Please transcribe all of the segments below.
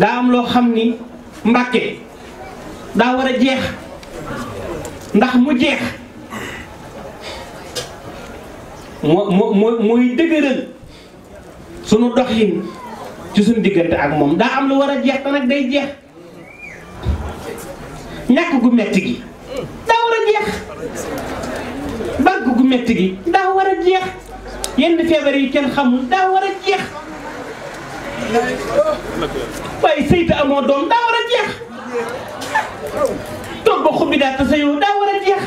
daa am loo xam ni mbàkke daa war a jeex ndax mu jeex moo moo mooy dëgëral sunu doxin ci suñu diggante ak moom daa am lu war a jeex te nag day jeex ñàkk gu metti gi daa war a jeex barke gu metti gi daa war a jeex yenn feebar yi kenn xamul daa war a jeex waaye sëy te amoo doom daa war a jeex ba xob bi daal te sa yow jeex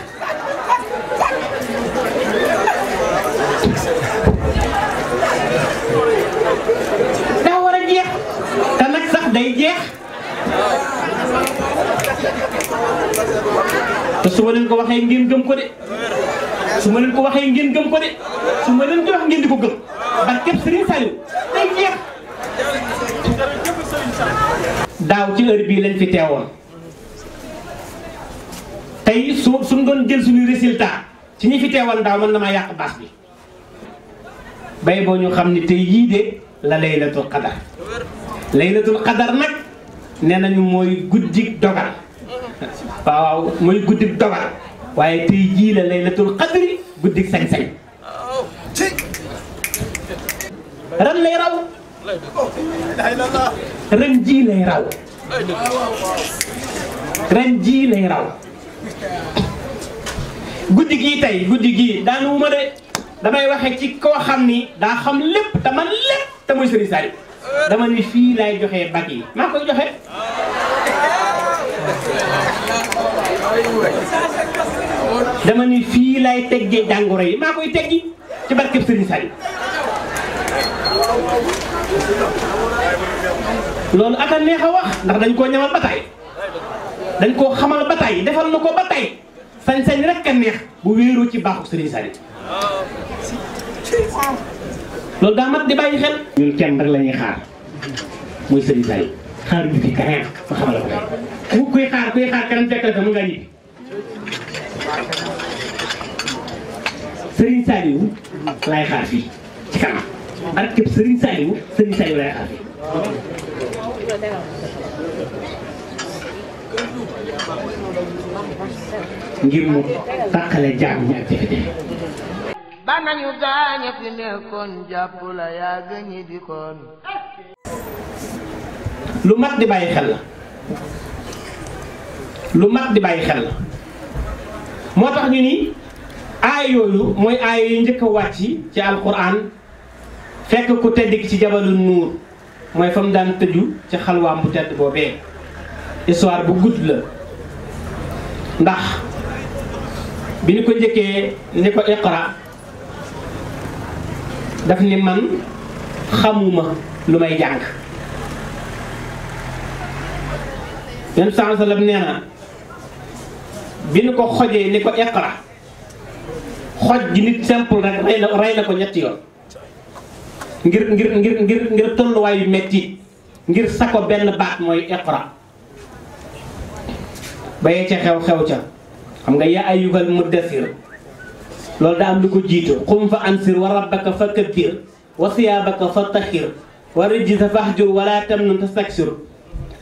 daa nag sax day jeex te su ma leen ko waxee ngeen gëm ko de su ma leen ko waxee ngeen gëm ko de su ma leen ko wax ngeen di daaw ci heure bii lañ fi teewoon tey su suñ doon jël suñu résultat ci ñi fi teewoon daaw mën na maa yàq baax bi bay boo ñu xam ne tey yii de la laylatul qadar laylatul qadar nag nee nañu mooy guddi dogal waaw mooy guddik dogal waaye tey jii la laylatul qadri guddik sañ-sañ ran lay raw ren jii lay raw guddi gii tey guddi gii daanuwuma de damay waxe ci koo xam ni daa xam lépp te man lépp te muy sëriñ dama ni fii laay joxe bag yi maa koy joxe dama ni fii laay teggee jàngoro yi maa koy teggi ci barkeb sëriñ loolu aka neex a wax ndax dañ koo ñamal ba tey dañ koo xamal ba tey defal ko ba tey sañ-sañ rek a neex bu wéeru ci baaxu Serigne Saliou loolu daa mat di bàyyi xel. ñun la ñuy xaar muy Serigne Saliou xaar ñu fi keneen ma xamal xaar kuy ci kanam. ak képp Serigne Saliou Serigne Saliou lay xaar ngir mu tàqale jaam ñi ak jafe ba nañu gaañe fi nekkoon jàpp la yaa gëñi di koon. lu mat di bàyyi xel la lu mat di bàyyi xel la moo tax ñu ni aay yooyu mooy aay yu njëkk a wàcc ci alquran. fekk ku tedd ki ci jabalu nuur mooy fa mu daan tëju ci xalwaam bu tedd boobee histoire bu gudd la ndax bi nu ko jëkkee ni ko iqra daf ni man xamuma lu may jàng yén san salam nee na bi ñu ko xojee ni ko iqra xoj gi nit simple rek rey na ko ñetti yoon ngir ngir ngir ngir ngir tolluwaayu metti ngir sako benn baat mooy iqra bayee ca xew-xew ca xam nga yaa ayyuhal muddathir loolu daa am lu ko jiitu qum fa ansir wa rabbaka fa kabbir wa siyaabaka fa tahir wa rijza fahjur wala tamnun tastaksir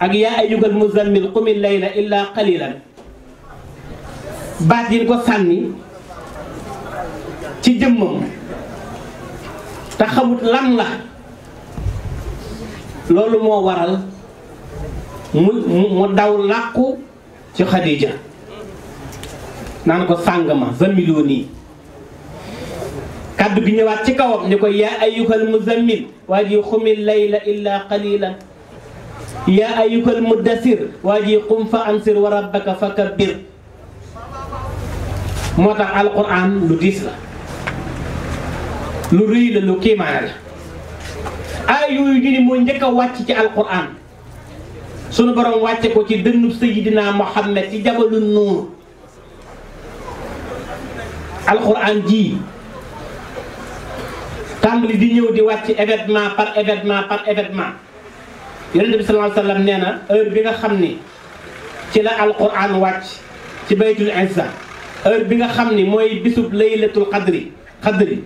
ak yaa ayyuhal muzammil qumil layla illa qalilan baat yi ko sànni ci jëmmam te xamut lan la loolu moo waral mu mu daw làqu ci Xadija naan ko sàng ma zammiloo nii kaddu gi ñëwaat ci kawam ni ko yaa ayyuhal muzammil waa ji xumil layla illa qalilan yaa ayyuhal muddasir waa ji qum fa ansir wa rabbaka fa kabbir moo tax alquran lu diis la lu rëy la lu kéemaane la ay yooyu ñu ne mooy njëkk wàcc ci alquran sunu borom wàcce ko ci dënnub sayidina Muhammad ci jabalu nuur alquran ji tàmbali di ñëw di wàcc événement par événement par événement yonent bi sallallahu alayhi wa nee na bi nga xam ni ci la alquran wàcc ci baytul izza heure bi nga xam ni mooy bisub laylatul qadri qadri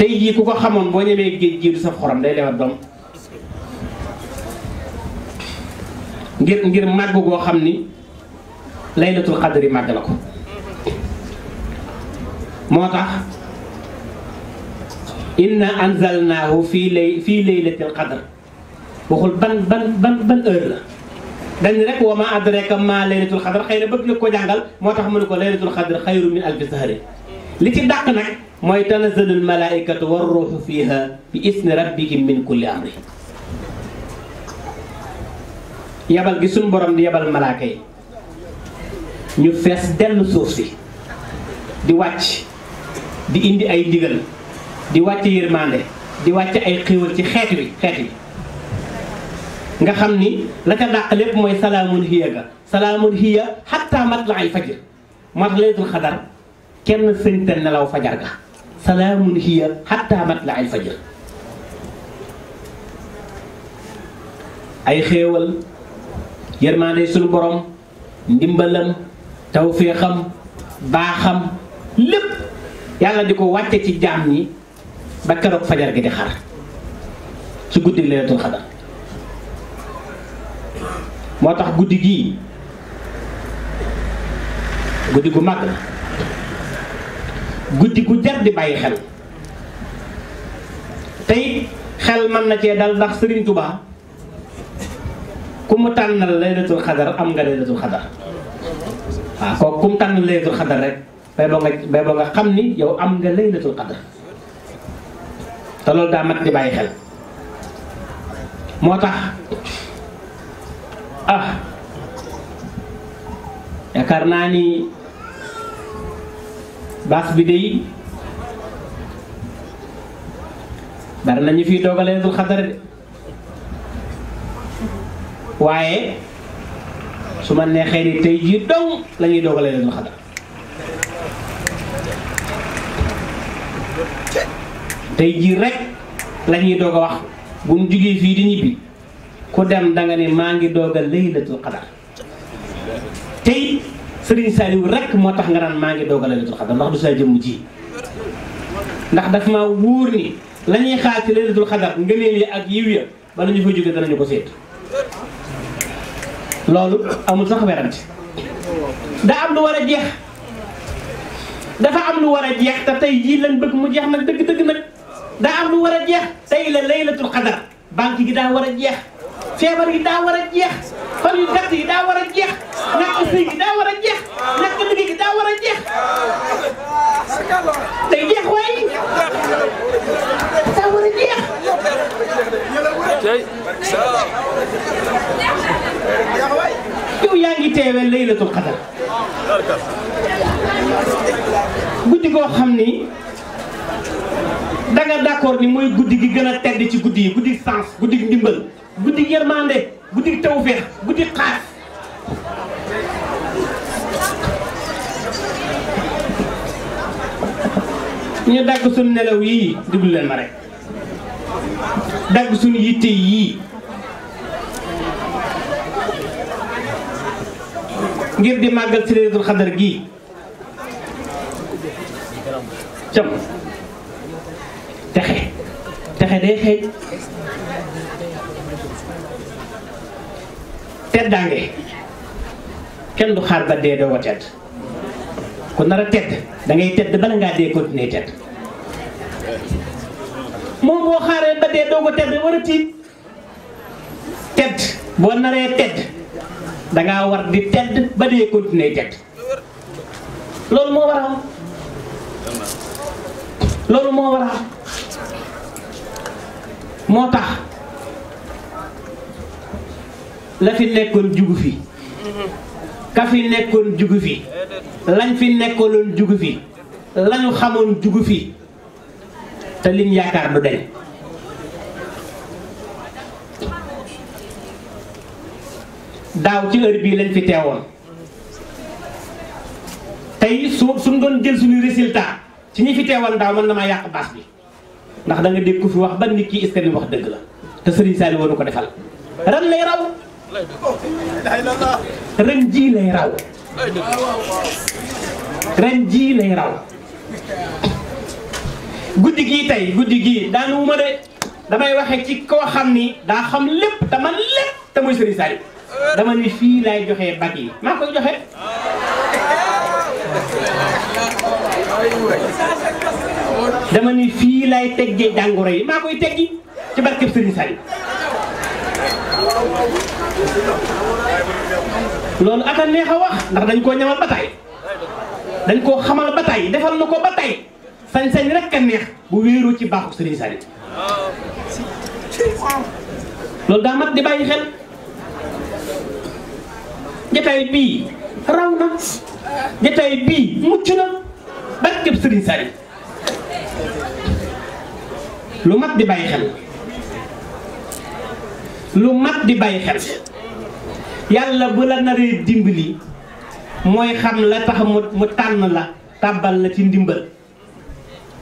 tey jii ku ko xamoon boo ñemee géej gi du saf xorom day lewat doom ngir ngir màgg goo xam ni laylatul xadri màgg la ko moo tax inna anzalnaahu fii lay fii laylatil xadr waxul ban ban ban ban heure la dañ rek wa ma adraka ma laylatul xadr xëy na bëgg la ko jàngal moo tax mu ne ko laylatul xadr xayru min alfi sahri li ci dàq nag mooy tanazalul malaaikatu war ruuxu fiiha bi isni rabbihim min kulli amri yabal gi suñ borom di yabal malaaka yi ñu fees dell suuf si di wàcc di indi ay ndigal di wàcc yërmande di wàcc ay xéewal ci xeet wi xeet wi nga xam ni laka ca dàq lépp mooy salaamun hiya ga salaamun hiya xatta matla'il fajr matlatul xadar kenn sëñta nelaw fajar ga salaamun hiya la ay fajr ay xéewal yërmaande suñu borom ndimbalam tawféexam baaxam lépp yàlla di ko wàcce ci jaam ñi ba keroog fajar gi di xar su guddi leelatul xadar moo tax guddi gii guddi gu mag la guddi gu jar di bàyyi xel tey xel mën na cee dal ndax Serigne Touba ku mu tànnal laylatul xadar am nga laylatul xadar waaw kooku ku mu tànnal laylatul xadar rek bay boo nga bay boo nga xam ni yow am nga laylatul xadar te loolu daa mat di bàyyi xel moo tax ah yaakaar naa ni. baas bi day bari nañu fi doog a xadar waaye su ma neexee ni tey jii dong lañuy ñuy doog xadar tey jii rek lañuy ñuy wax bu ñu jugee fii di ñibbi ku dem da nga maa ngi doog a laylatul xadar tey Serigne Saliou rek moo tax nga naan maa ngi doog a laylatul xadar ndax du saa jëmm ji ndax daf ma wóor ni la ñuy xaar ci laylatul xadar ngëneel yi ak yiw ya bala ñu fa jóge danañu ko seet loolu amul sax werante daa am lu war a jeex dafa am lu war a jeex te tey jii lañ bëgg mu jeex nag dëgg-dëgg nag da am lu war a jeex tey la laylatul xadar banque gi daa war a jeex feebar yi daa war a jeex fan yu gàtt yi daa war a jeex ñàkk sëy yi daa war a jeex ñàkk liggéey gi daa war a jeex day jeex waaye daa war a jeex. yow yaa ngi teewee laylatul qadar guddi goo xam ni. da nga d'accord ni mooy guddi gi gën a tedd ci guddi yi guddi sens guddi ndimbal guddi yërmande guddi tawféex guddi xaas ñu dagg suñu nelaw yii déglu leen ma rek dagg suñu yitte yii ngir di màggal si réseau xadar gii texe texe day xeeñ teddaange kenn du xaar ba dee doo ko tedd ku nar a tedd da tedd bala ngaa dee continuer tedd moom boo xaaree ba doo ko tedd war a tiit tedd boo naree tedd da war di tedd ba dee continuer tedd loolu moo waral loolu moo waral moo tax la fi nekkoon jugu fi ka fi nekkoon jugu fi lañ fi nekkoon jugu fi lañu xamoon jugu fi te liñ yaakaar du deñ daaw ci heure bii lañ fi teewoon tey su suñ doon jël suñu résultat ci ñi fi teewal daaw mën na maa yàq baas bi ndax da nga dégg ku fi wax ba nit ki est-ce ni wax dëgg la te Serigne Saliou woonu ko defal ren lay raw ren jii lay raw guddi gii tey guddi gii daanu ma de damay waxe ci koo xam ni daa xam lépp te man lépp te muy Serigne dama ni fii laay joxe bag yi maa koy joxe dama ni fi lay tegge jàngoro yi makoy teggi ci barke Serigne Saliou loolu aka neex a wax ndax dañ ko ñamal ba dañ ko xamal ba defal nako ko sañ-sañ rek ka neex bu wëru ci baaxu Serigne Saliou loolu da mat di bayyi xel jotaay bi rawna na jotaay bii mucc na Serigne Saliou lu mat di bàyyi xel lu mat di bàyyi xel yàlla bu la naree dimbali mooy xam la tax mu tànn la tàbbal la ci ndimbal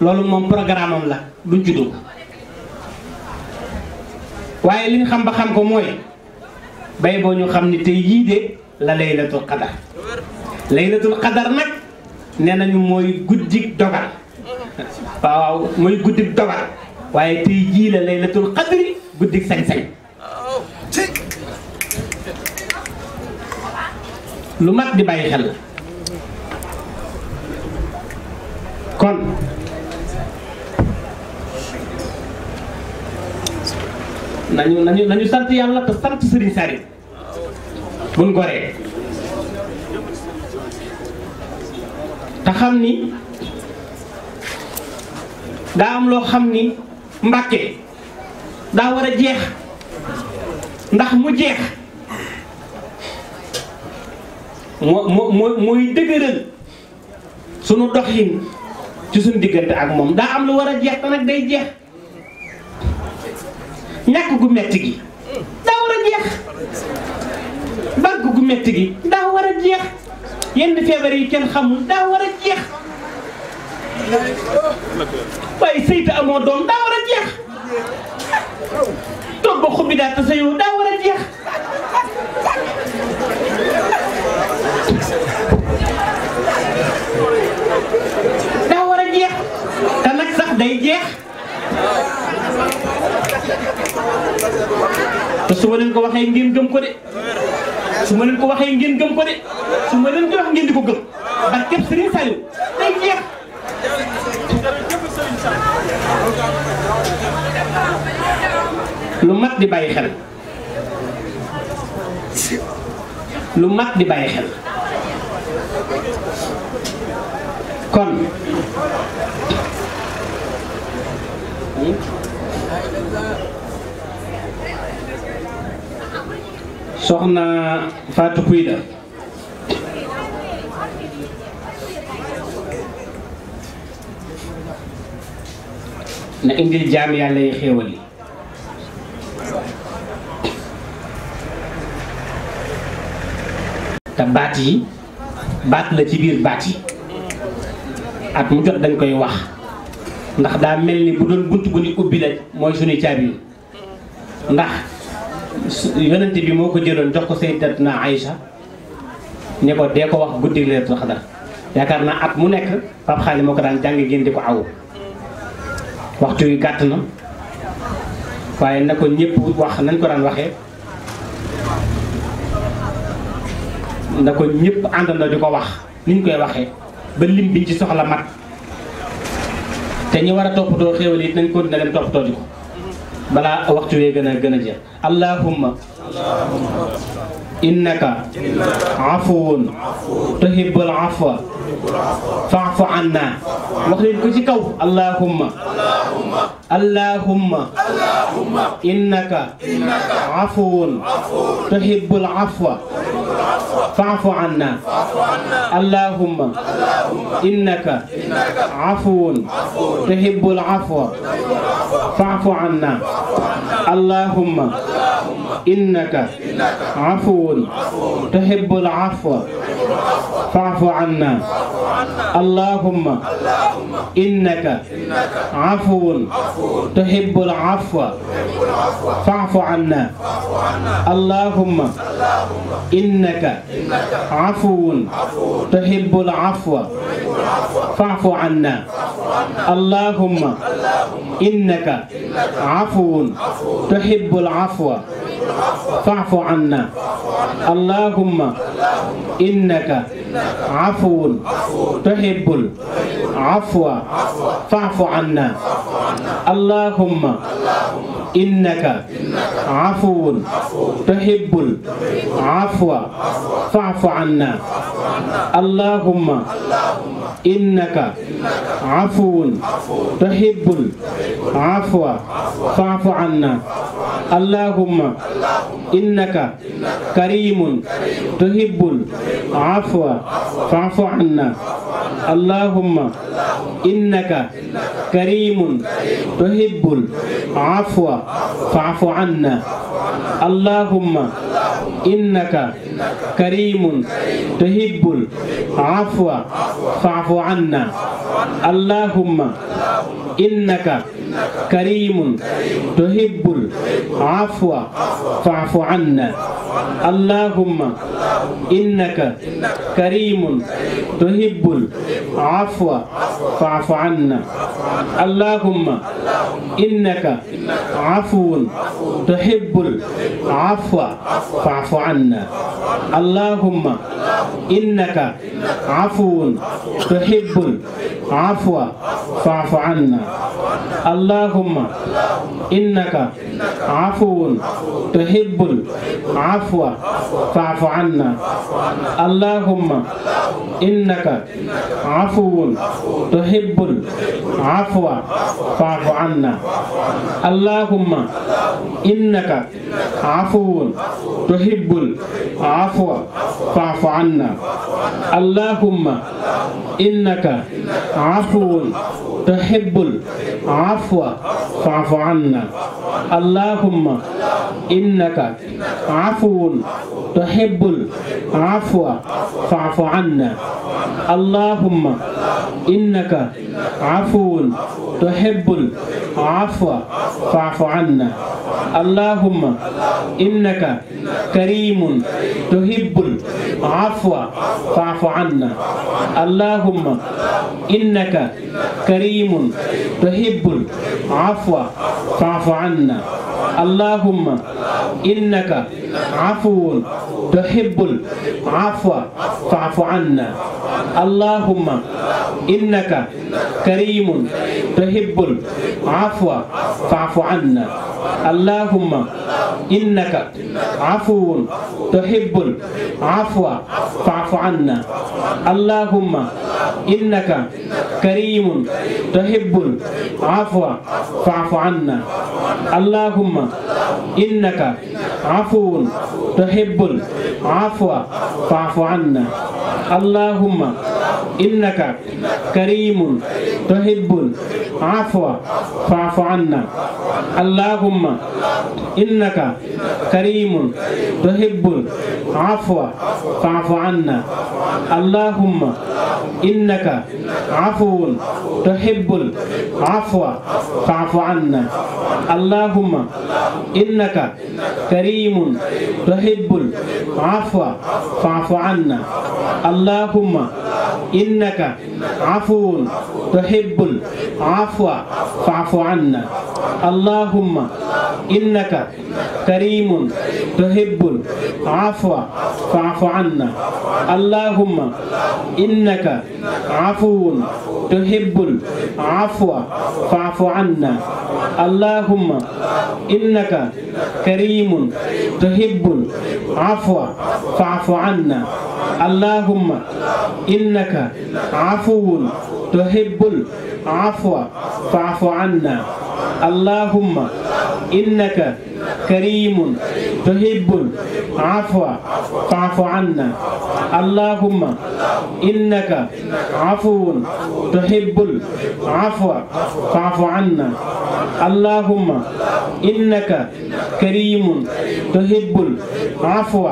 loolu moom programme la du juddu waaye liñ xam ba xam ko mooy bay boo ñu xam ni tey yii de la laylatul qadar laylatul qadar nag ne nañu mooy guddik dogal waaw mooy guddik dogal waye tey jii la laylatul qadri guddik sañ-sañ lu mat di baye xel kon nañu nañu nañu sant yalla ta sant Serigne sari buñ goree ta xamni da am lo xamni Mbàkke daa war a jeex ndax mu jeex moo moo mooy dëgëral sunu doxin ci suñu diggante ak moom daa am lu war a jeex te nag day jeex ñàkk gu metti gi daa war a jeex bàgg gu metti gi daa war a jeex yenn feebar yi kenn xamul daa war a jeex waaye sëyta amoo doom daa war jeex toog ba xubbi daal te sa yow daa war a jeex daa war a jeex te nag sax day jeex te su ma leen ko waxee ngeen gëm ko de su ma leen ko waxee ngeen gëm ko de su ma leen ko wax ngeen di ko gëm ak képp Serigne Saliou day jeex lu mat di bàyyi xel lu mat di bàyyi xel kon soxna Fatou Kouida na indil jaam yàlla yi xéewal yi te baat yi baat la ci biir baat yi at mu jot dañ koy wax ndax daa mel ni bu doon bunt bu ñu ubbi la mooy suñu caabi yi ndax yonente bi moo ko jëloon jox ko sayyidatuna Aïcha ne ko dee ko wax guddi wax da yaakaar naa at mu nekk Pape moo ko daan jàng ngeen di ko aw waxtu yu gàtt na waaye na ko ñëpp wax nañ ko daan waxee na ko ñëpp àndandoo di ko wax ni ñu koy waxee ba lim biñ ci soxla mat te ñi war a toppatoo xéwal it nañ ko dina dem toppatoo di balaa waxtu wee gën a gën a jeex allahumma innaka afuwun tuhibbul afwa fa'fu anna wax leen ko ci kaw allahumma اللهم اللهم إنك إنك عفو تحب العفو فاعف عنا اللهم إنك عفو تحب العفو فاعف عنا اللهم إنك عفو تحب العفو فاعف عنا اللهم إنك عفو تحب العفو فاعف عنا اللهم إنك عفو تحب العفو فاعف عنا اللهم إنك عفو تحب العفو فاعف عنا اللهم إنك عفو تحب العفو فاعف عنا اللهم إنك عفو تحب العفو فاعف عنا اللهم إنك عفو تحب العفو فاعف عنا اللهم إنك كريم تحب العفو فاعف عنا اللهم إنك كريم تحب العفو فاعف عنا اللهم إنك كريم تحب العفو فاعف عنا اللهم إنك كريم تحب العفو فاعف عنا اللهم إنك كريم تحب العفو فاعف عنا اللهم إنك عفو تحب العفو فاعف عنا اللهم إنك عفو تحب العفو فاعف عنا اللهم إنك عفو تحب العفو فاعف عنا اللهم إنك عفو تحب العفو فاعف عنا اللهم إنك عفو تحب العفو فاعف عنا اللهم إنك عفو تحب العفو فاعف عنا اللهم إنك عفو تحب العفو فاعف عنا اللهم إنك عفو تحب العفو فاعف عنا اللهم إنك كريم تحب العفو فاعف عنا اللهم إنك كريم تحب العفو فاعف عنا اللهم إنك عفو تحب العفو فاعف عنا اللهم إنك كريم تحب تحب العفو فاعف عنا اللهم إنك عفو تحب العفو فاعف عنا اللهم إنك كريم تحب العفو فاعف عنا اللهم إنك عفو تحب العفو فاعف عنا اللهم إنك كريم تحب عفو فاعف عنا اللهم إنك كريم تحب عفو فاعف عنا اللهم إنك عفو تحب عفو فاعف عنا اللهم إنك كريم تحب عفو فاعف عنا اللهم إنك عفو عفون تحب العفو فاعف عنا اللهم إنك كريم تحب العفو فاعف عنا اللهم إنك عفو تحب العفو فاعف عنا اللهم إنك كريم تحب العفو فاعف عنا اللهم إنك عفو تحب العفو فاعف عنا اللهم إنك كريم تحب عفو فاعف عنا اللهم إنك عفو تحب العفو فاعف عنا اللهم إنك كريم تحب العفو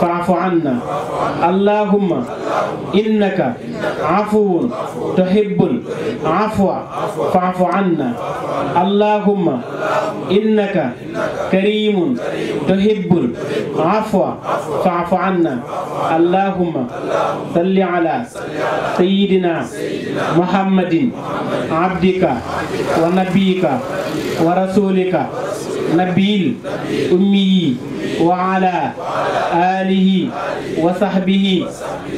فاعف عنا اللهم إنك عفو تحب العفو فاعف عنا اللهم إنك كريم تحب عفو فاعف عنا اللهم صل على سيدنا محمد عبدك ونبيك ورسولك نبيل أمي وعلى آله وصحبه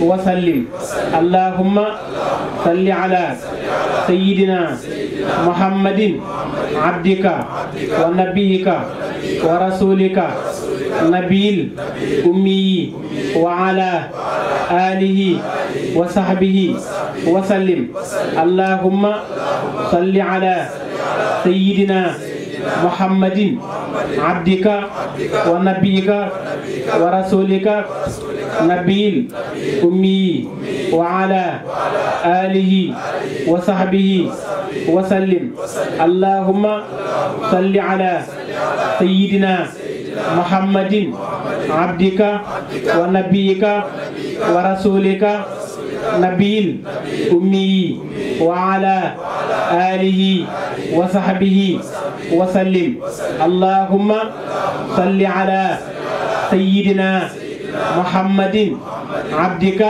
وسلم اللهم صل على سيدنا محمد عبدك ونبيك ورسولك نبيل أمي وعلى آله وصحبه وسلم اللهم صل على سيدنا محمد عبدك ونبيك ورسولك نبيل أمي وعلى آله وصحبه وسلم اللهم صل على سيدنا محمد عبدك ونبيك ورسولك نبي أمي وعلى آله وصحبه وسلم اللهم صل على سيدنا محمد عبدك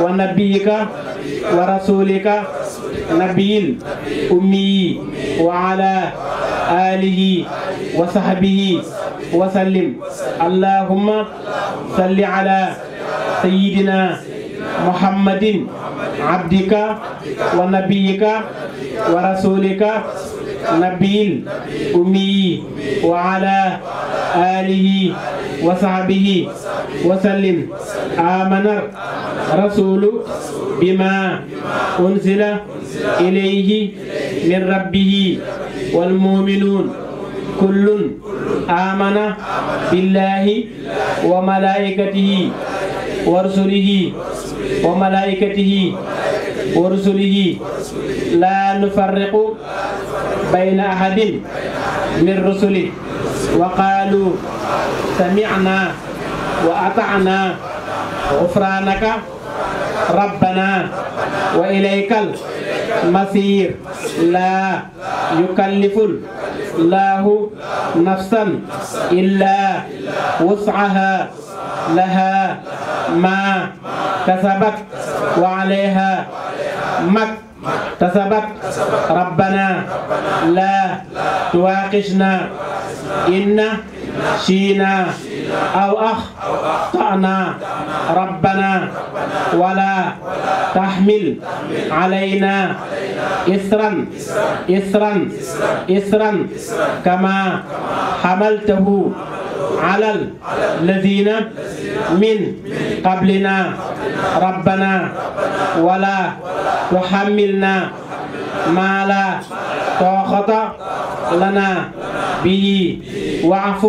ونبيك ورسولك نبي أمي وعلى آله وصحبه وسلم اللهم صل على سيدنا محمد عبدك ونبيك ورسولك نبي أمي وعلى آله وصحبه وسلم آمن رسول بما أنزل إليه من ربه والمؤمنون كل آمن بالله وملائكته ورسله وملائكته ورسله لا نفرق بين أحد من رسله وقالوا سمعنا وأطعنا غفرانك ربنا وإليك المصير لا يكلف الله نفسا إلا وسعها لها ما كسبت وعليها ما اكتسبت ربنا لا تواقشنا إن شينا أو أخطأنا ربنا ولا تحمل علينا إثرا إثرا إثرا كما حملته على الذين من قبلنا ربنا ولا تحملنا ما لا طاقة لنا به واعف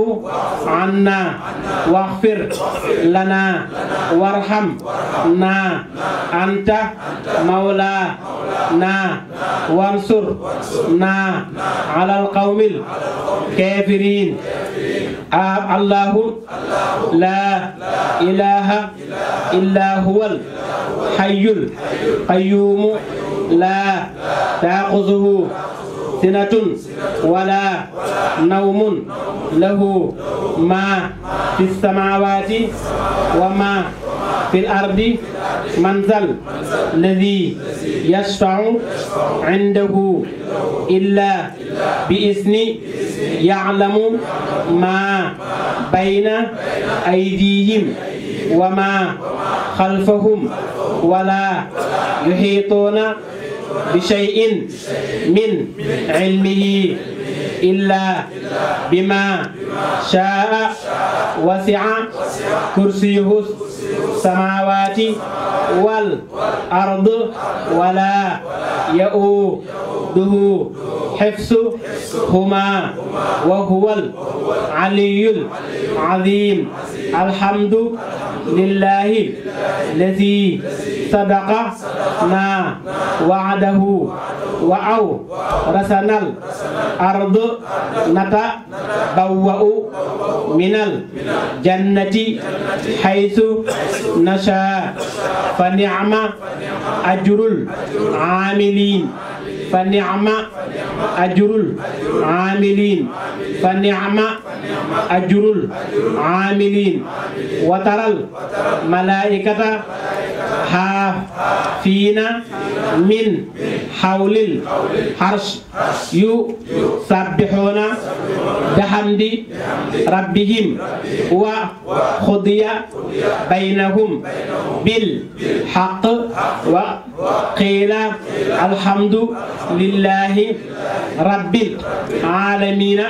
عنا واغفر لنا وارحمنا أنت مولانا وانصرنا على القوم الكافرين آه، الله لا إله إلا هو الحي القيوم لا تأخذه سنة ولا نوم له ما في السماوات وما في الأرض منزل الذي يشفع عنده إلا بإذن يعلم ما بين أيديهم وما خلفهم ولا يحيطون بشيء من علمه إلا بما شاء وسع كرسيه السماوات والأرض ولا يؤوده حفظهما وهو العلي العظيم الحمد لله الذي صدق ما وعده رسنال أرض نتا بوو من الجنة حيث نشاء فنعم أجر العاملين فنعم أجر العاملين فنعم أجر العاملين وترى الملائكة ها فينا من حول الحرش يسبحون بحمد ربهم وقضي بينهم بالحق وقيل الحمد لله رب العالمين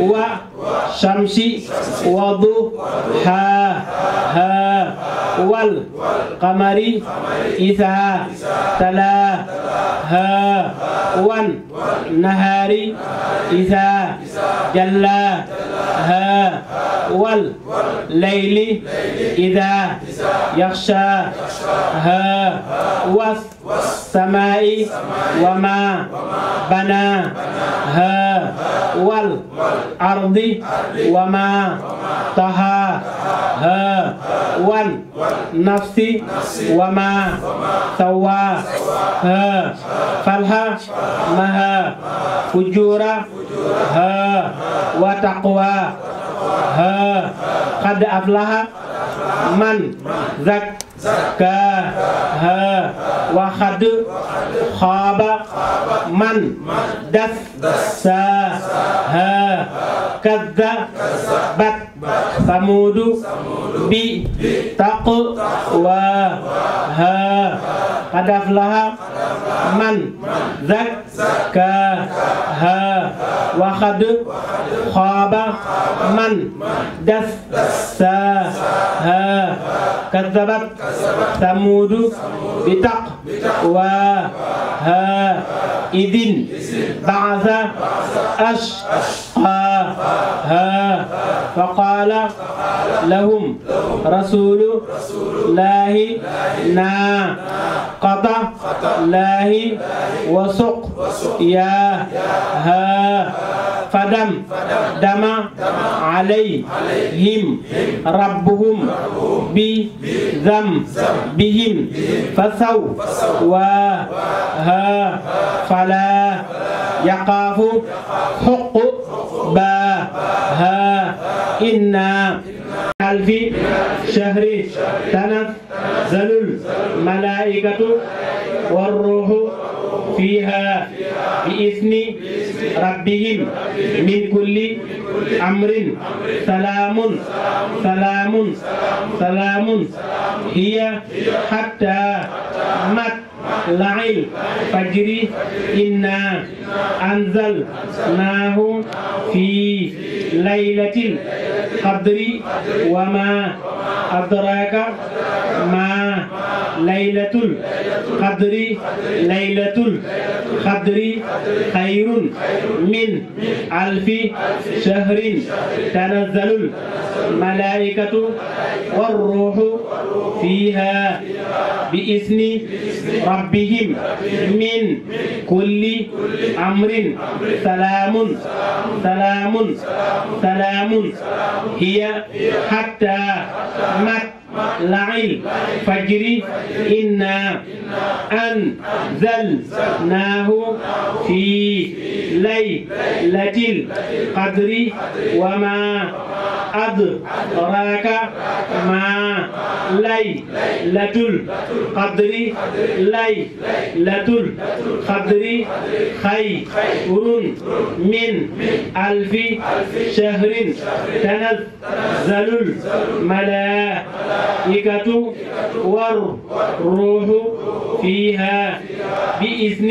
و ها وال والقمر إذا تلا تلاها والنهار إذا جلا وال والليل إذا يخشى ها والسماء وما ها wal ardi wama taha ha wal nafsi wama tawa ha falha maha fujura ha wa taqwa ha qad aflaha man zak ka ha waxad khaba man das sa ha kadza bat samuudu bi taq waa haa qad aflaha man zakkaaha wa qad xaaba man dassaaha kazzabat samuudu bi taqwaaha idin ba'asa ashqaaha فقال لهم رسول الله نا قطع الله وسق يا ها فدم دم عليهم ربهم بذم بهم فسوا ها فلا يقاف حق با ها إنا ألف شهر تنف زلل ملائكة والروح فيها بإذن ربهم من كل أمر سلام سلام سلام هي حتى مت لعل فجري إنا أنزلناه في ليلة القدر وما أدراك ما ليلة القدر ليلة القدر خير من ألف شهر تنزل الملائكة والروح فيها بإذن ربهم من كل أمر سلام سلام سلام هي حتى مت لعل فجر إنا أنزلناه في ليلة القدر وما أد راك ما لي لتل قدري لي لتل قدري خي ورن من ألف شهر تنزل الملائكة والروح فيها بإذن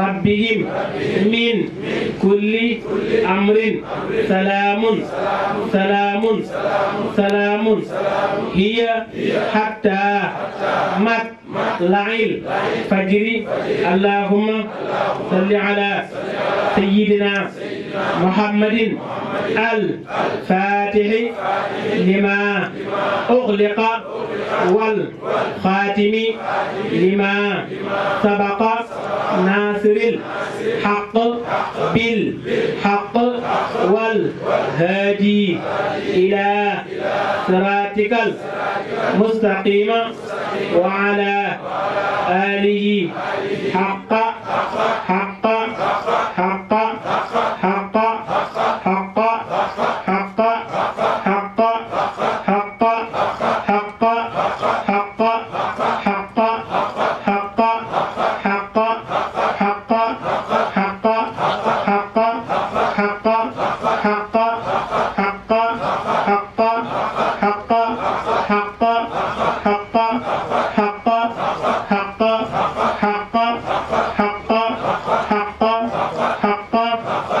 ربهم من كل أمر سلام سلام سلام سلام هي حتى مات لعيل فجري اللهم صل على سيدنا محمد الفاتح لما أغلق والخاتم لما سبق ناصر الحق بالحق والهادي إلى صراطك المستقيم وعلى آله حق حق Hapa. Hapa.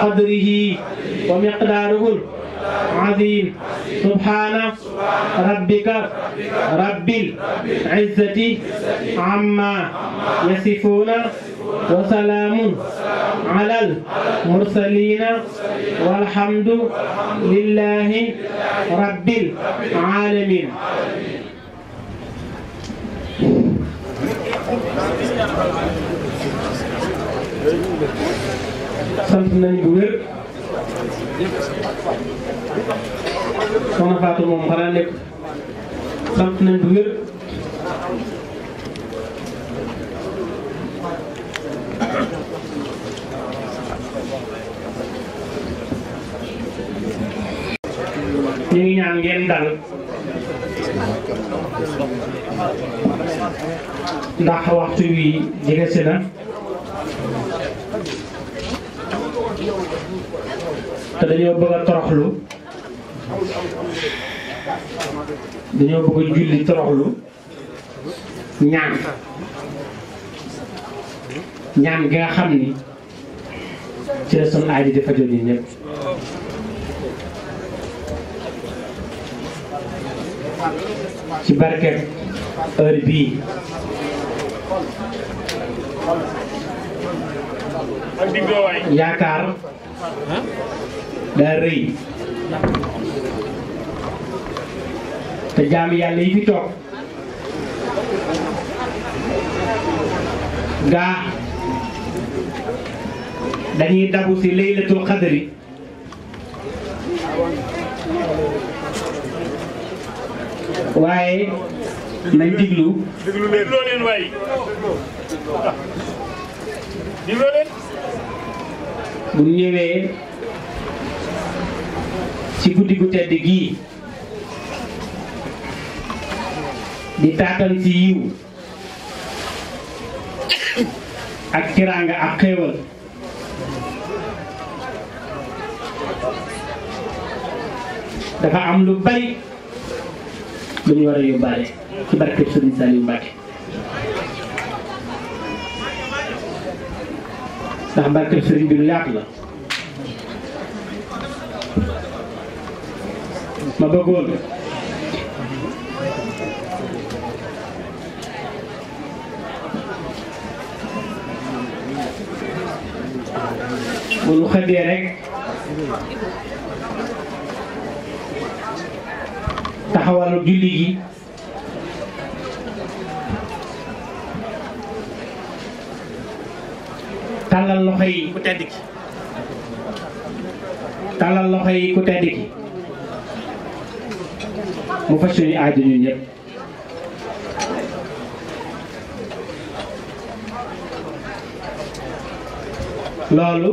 قدره ومقداره العظيم سبحان ربك رب العزة عما يصفون وسلام على المرسلين والحمد لله رب العالمين Thank you. sant nañ bu wér soxna Fatou moom xanaa nekk sant nañ bu wér ñu ngi ñaan ngeen dal ndax waxtu wi jege si na te dañu bëgg toroxlu dañu bëgg julli toroxlu ñaan ñaan gi nga xamni ci la sun aaji di fajoo nii ñëpp ci barket heure bi yaakaar daa rëy te jaami yàlla yi fi toog gaa dañuy dabu si laylatul xadri waaye nañ diglu diglu leen waay diglu leen bu ñëwee ci guddi gu tedd gii di taatal ci yiw ak kiraanga ak xéewal dafa am lu bari lu ñu war a yóbbaale ci barkeb Sëriñ Saliou Mbacké ndax mbarkeel sëriñ bi lu yaatu la ma bëggoon bu nu xëddee rek taxawalu julli gi talal loxo yi ku tedd talal tàllal yi ku tedd mu faj suñu aajo ñun ñëpp loolu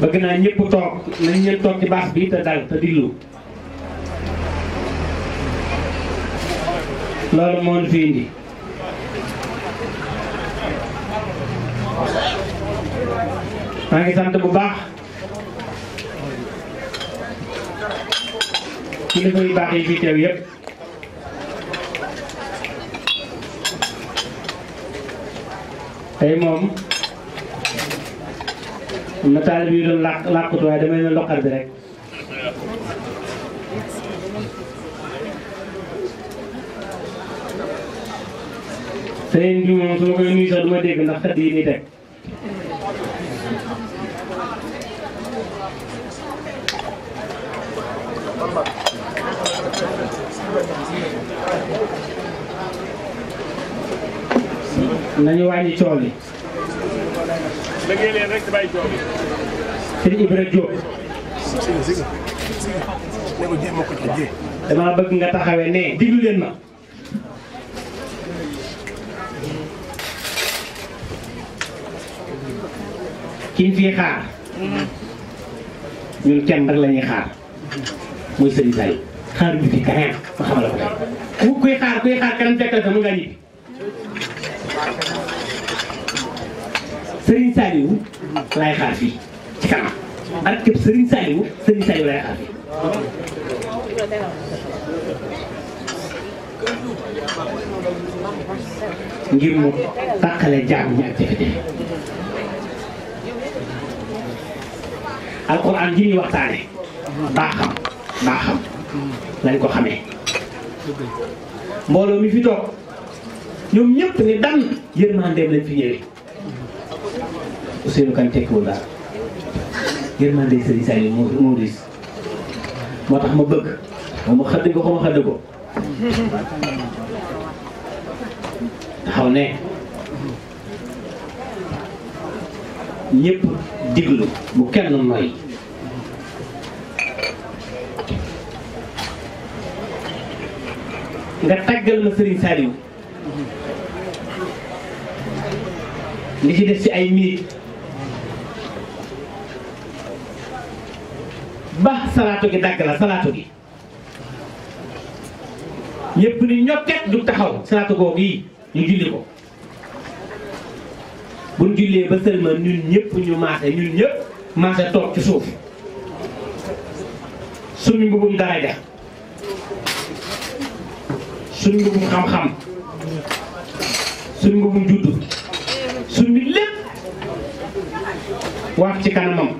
bëgg na ñepp tok nañ ñepp tok ci baax bi ta dal ta dilu lolu mo ñu fi indi maa ngi sant bu baax kilifa yu baax yi fi teew yëpp tey moom am na taalib yu doon làkk làkkut waaye damay ne loqal bi rek sëriñ bi moom su ma koy nuyu sax du ma dégg ndax xët yi ni teg nañu wàññi tool yi. liggéey leen Ibra Diop. dama bëgg nga taxawee ne diglu leen ma. kiñ fi xaar. ñun kenn rek la xaar. muy sëriñ Saliou. xaaruñu fi keneen ma xamal la ko ku xaar kuy xaar kanam fekk fa mun ngaa ñibbi. Serigne Saliou laay xaar ci kanam ak képp Serigne Saliou Serigne Saliou laay xaar fii. ngir mu tàqale jaam ñi ak jafe-jafe alquran ji ñuy waxtaane baaxam baaxam lañ ko xamee mbooloo mi fi toog ñoom ñëpp ni dan yërmandeem lañ fi ñëwee Ousseynou Kane tekkiwul daal yërmande Serigne Saliou moo moo diis moo tax ma bëgg moom ma xëdd ko ma xëdd ko taxaw ne ñëpp diglu mu kenn noy nga tàggal ma Serigne Saliou li ci def ci ay miit ba salaatu gi dagg la salaatu gi ñëpp ni ñokket du taxaw salaatu googu yi ñu julli ko buñ jullee ba sëlma ñun ñëpp ñu maase ñun ñëpp maase toog ci suuf suñu mbubum daraja suñu mbubum xam-xam suñu mbubum juddu suñu lépp wax ci kanamam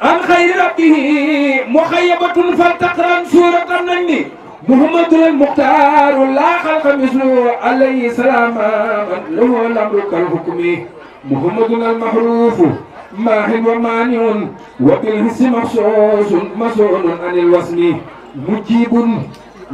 an xayri rabbihi muxayyabatun faltaqran suuratan najmi muhammadul muxtaaru laa xalqa mislu alayhi salaama man lahu al-amru kal hukmi muhammadun al-mahruufu maahin wa maaniun wa bil hissi maxsuusun masuunun anil wasmi mujibun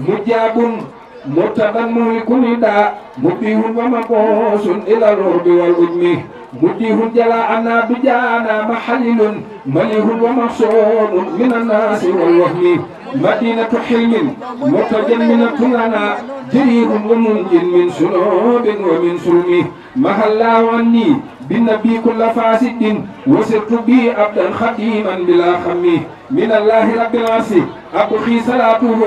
mujaabun متضمن كل داء مديه ومقوس إلى الرعب والأدم مديه جلاءنا بجانا محلل مليه ومقصود من الناس والوهم مدينة حلم متجمنة لنا جرير ومنجن من سنوب ومن سلمه مهلا عني بالنبي كل فاسد وسرت به عبدا خديما بلا خمي من الله رب العصي ابقي صلاته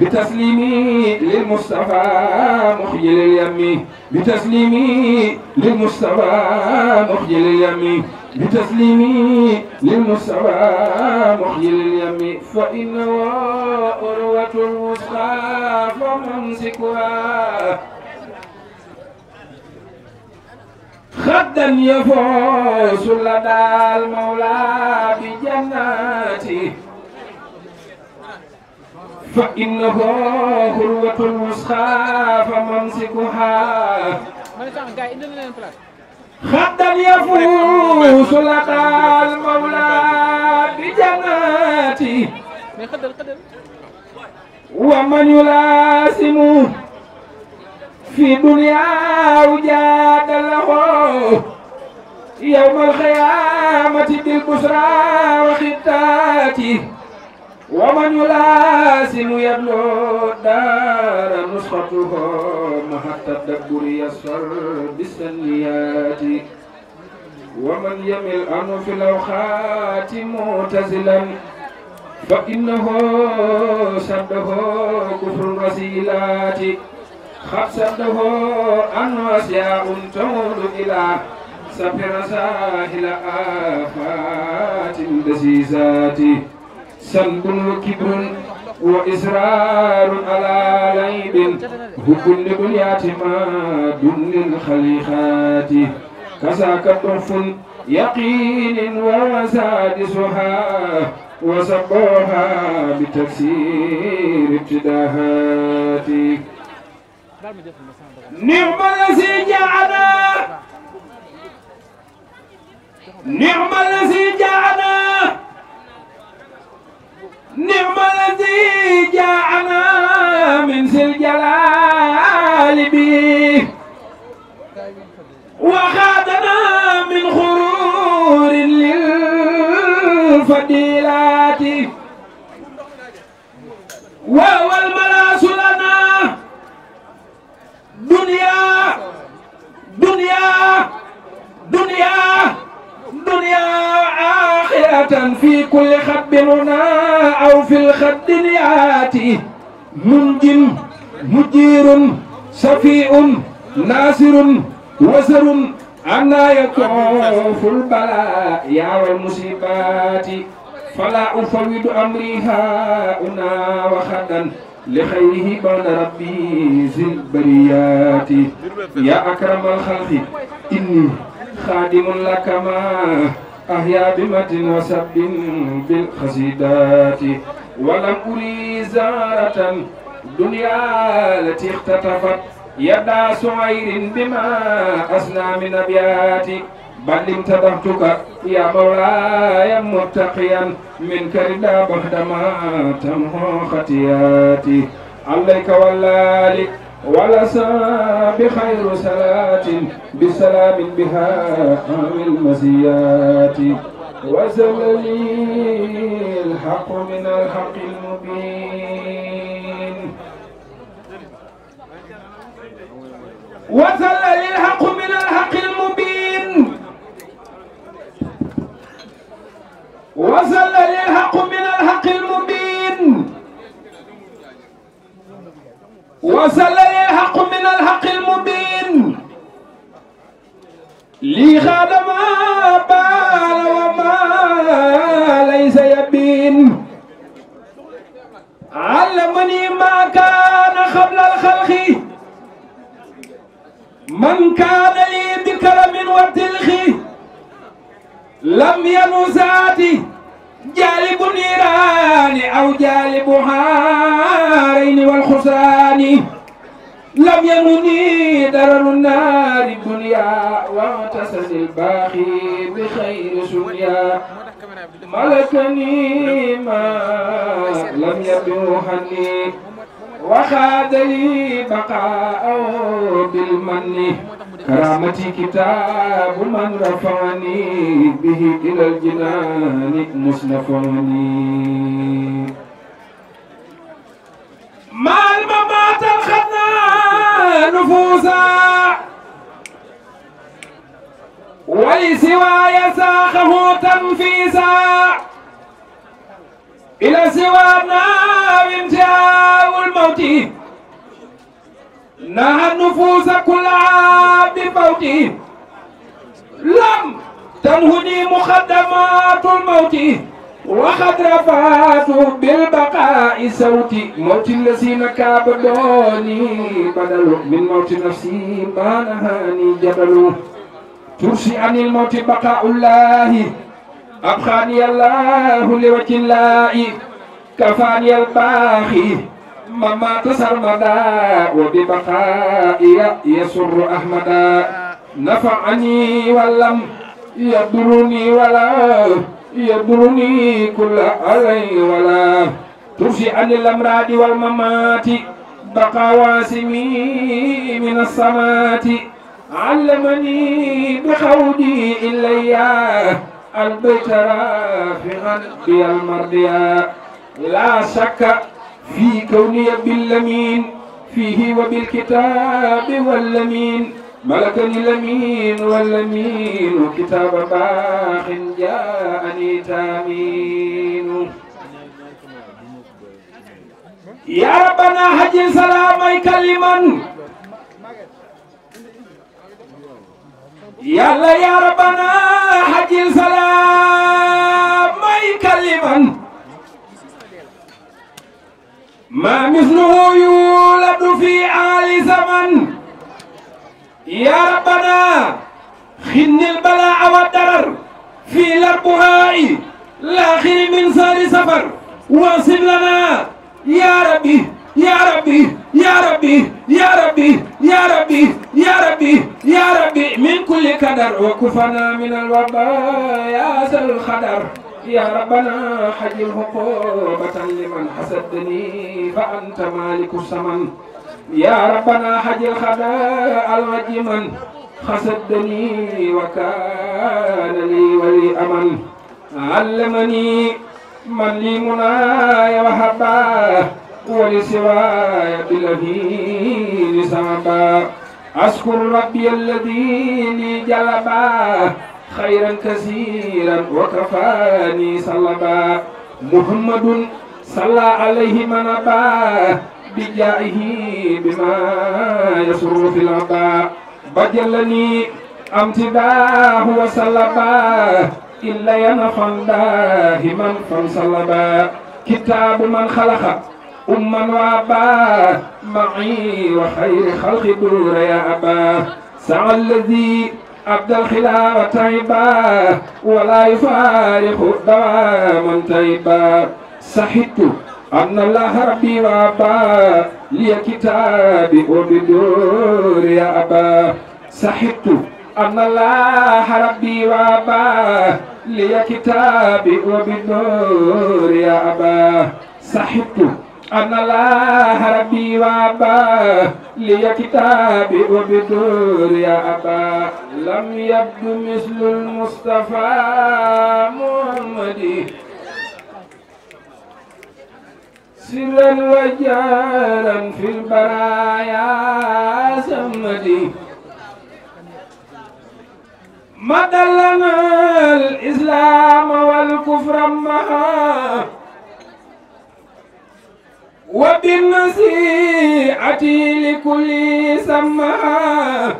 بتسليمي للمصطفى مخيل اليمي بتسليمي للمصطفى مخيل اليمي بتسليمي للمصطفى مخيل اليمي فإن وروة المصطفى فممسكها خدا يفوز لدى المولى في جناتي فإنه خلوة المسخى فمنسكها خدا يفوز لدى المولى في جناتي ومن يلازمه في دنيا وجاد له يوم الخيامة بالبشرى وخطاته ومن يلاسم يبلو الدار نسخته مع التدبر يسر بالسنيات ومن يمل أنه في الأوقات معتزلا فإنه سبه كفر الرسيلات خسده أن وسع تعود إلى سفر ساحل آفات دسيسات سلب وكبر وإسرار على ليب بكل بنيات ما دون الخليخات كساك طرف يقين وسادسها وسبوها بتفسير ابتداهاتي نعم الذي جعلنا نعم الذي جعلنا نعم الذي جعلنا من ذي الجلال وخادنا من غرور للفضيلات وهو المال دنيا دنيا دنيا دنيا آخرة في كل خب هنا أو في الخد نياتي منجن مجير سفيء ناصر وزر أنا يكون في البلاء يا والمصيبات فلا أفوض أمري هاؤنا وخدا لخيره بعد ربي زل برياتي يا أكرم الخلق إني خادم لك ما أهيا بمت وسب بالخزيدات ولم أري زارة دنيا التي اختطفت يدا سعير بما أسنى من أبياتي بل انتظرتك يا مولاي متقيا منك بعد ما تمحو خطياتي عليك واللالي ولسى بخير صلاة بسلام بها من المزيات وزل لي الحق من الحق المبين وزل لي الحق وصل لي الحق من الحق المبين وصل لي الحق من الحق المبين لي مَا بال وما ليس يبين علمني ما كان قبل الخلق من كان لي بكرم وتلخي لم ينساتي جالب نيران أو جالب هارين والخسران لم ينني درر النار الدنيا واعتسد الباخي بخير سنيا ملكني ما لم يبوحني وخاد لي بقاء بالمن كرامتي كتاب من رفعني به إلى الجنان مصنفني ما الممات الخنا نفوسا ولسواي ساقه تنفيسا إلى سوى من انتهاء الموت نهى النفوس كلها بموته لم تنهني مخدمات الموت وقد رفعت بالبقاء صوتي موت الذين كابدوني بدل من موت نفسي ما نهاني جبل ترسي عن الموت بقاء الله أبخاني الله لوجه الله كفاني الباخي ثم مات سرمدا وببقائي يسر أحمدا نفعني ولم يضرني ولا يضرني كل علي ولا ترشي عن الأمراض والممات بقى واسمي من السمات علمني بخودي إليا البيت رافعا بالمرضيا لا شك في كوني باللمين فيه وبالكتاب واللمين ملكني اللمين واللمين كتاب باخ جاءني تامين يا ربنا هجي سلامك لمن الله يا ربنا هجي سلامك لمن ما مثله يولد في آل زمن يا ربنا خن البلاء والضرر في الأربهاء لاخر من صار سفر واصل لنا يا ربي يا ربي يا ربي يا ربي يا ربي يا ربي يا ربي من كل قدر وكفنا من الوباء يا ذا الخدر يا ربنا حجم عقوبة لمن حسدني فأنت مالك السمن يا ربنا حجم خداء الرجيما حسدني وكان لي ولي أمن علمني من لي مناي وحباه ولسواي بالأمين سببا أشكر ربي الذي لي جلبا خيرا كثيرا وكفاني سلما محمد صلى عليه من أبا بجائه بما يسر في الأبا بجلني امتداه وسلبا إلا ينفن داهما فانسلبا كتاب من خلق أما وأبا معي وخير خلق دور يا أبا سعى الذي عبد الخلاوة تيبا ولا يفارق دواما تيبا صحيت أن الله ربي وأبا لي كتابي وبدور يا أبا صحيت أن الله ربي وأبا لي كتابي وبدور يا أبا صحيت anala harbi waba lihat kita wa bidur ya apa lam yabdu mislul mustafa muhammadi silan wajaran fil baraya samadi madallanal islam wal kufram maha وبالنصيحة لكل سماء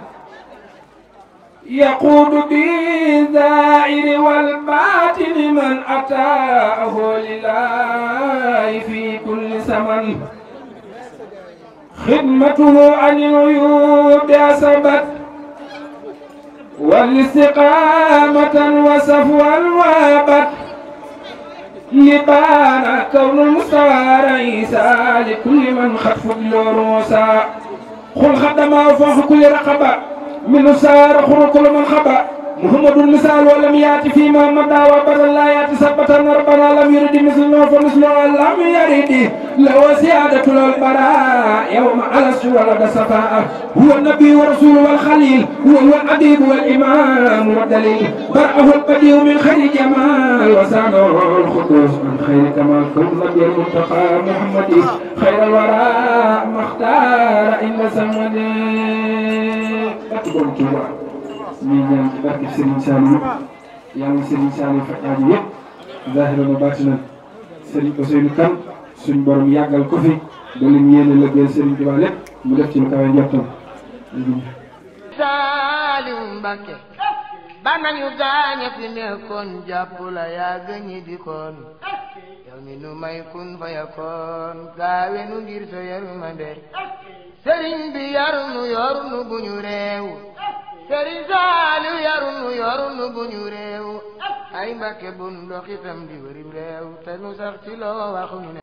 يقود بالذائر والباطن من أتاه لله في كل زمن خدمته عن العيوب أسبت والاستقامة وصفوا وابت لقانا كون المصطفى رئيسا لكل من خف الروسا خل خدما فوق كل رقبة من سار خل كل من خبأ محمد المثال ولم يأتي فيما مدى وبدل لا يأتي سبتا ربنا لم يرد نوف مثل لم يرد لو سيادة البراء يوم على ولد صفاء هو النبي ورسول والخليل وهو الحبيب والإمام والدليل برعه البديع من خير جمال وسانه الخدوس من خير كمال ثم نبي المنتقى محمد خير الوراء مختار إن سمدي أكبر كبار ñuy ñaan ci barke Serigne Saliou yàlla na ngi Saliou faj aajo yëpp zahiran wa baatinan Serigne Ousseynou Kane suñ borom yàggal ko fi ba lim yéene liggéey Serigne Touba lépp mu def ci lu kawe njottam Saliou Mbacké ba nañu gaañe fi nekkoon jàpp yaa gëñi di koon yow nu may kun fa yakoon gaawe nu ngir sa yaruma nde sëriñ bi yar nu yor nu bu ñu sëriñ Saalu yarunu yorunu bu ñu ay mbakke bun dox itam di wërim réew te nu sax ci loo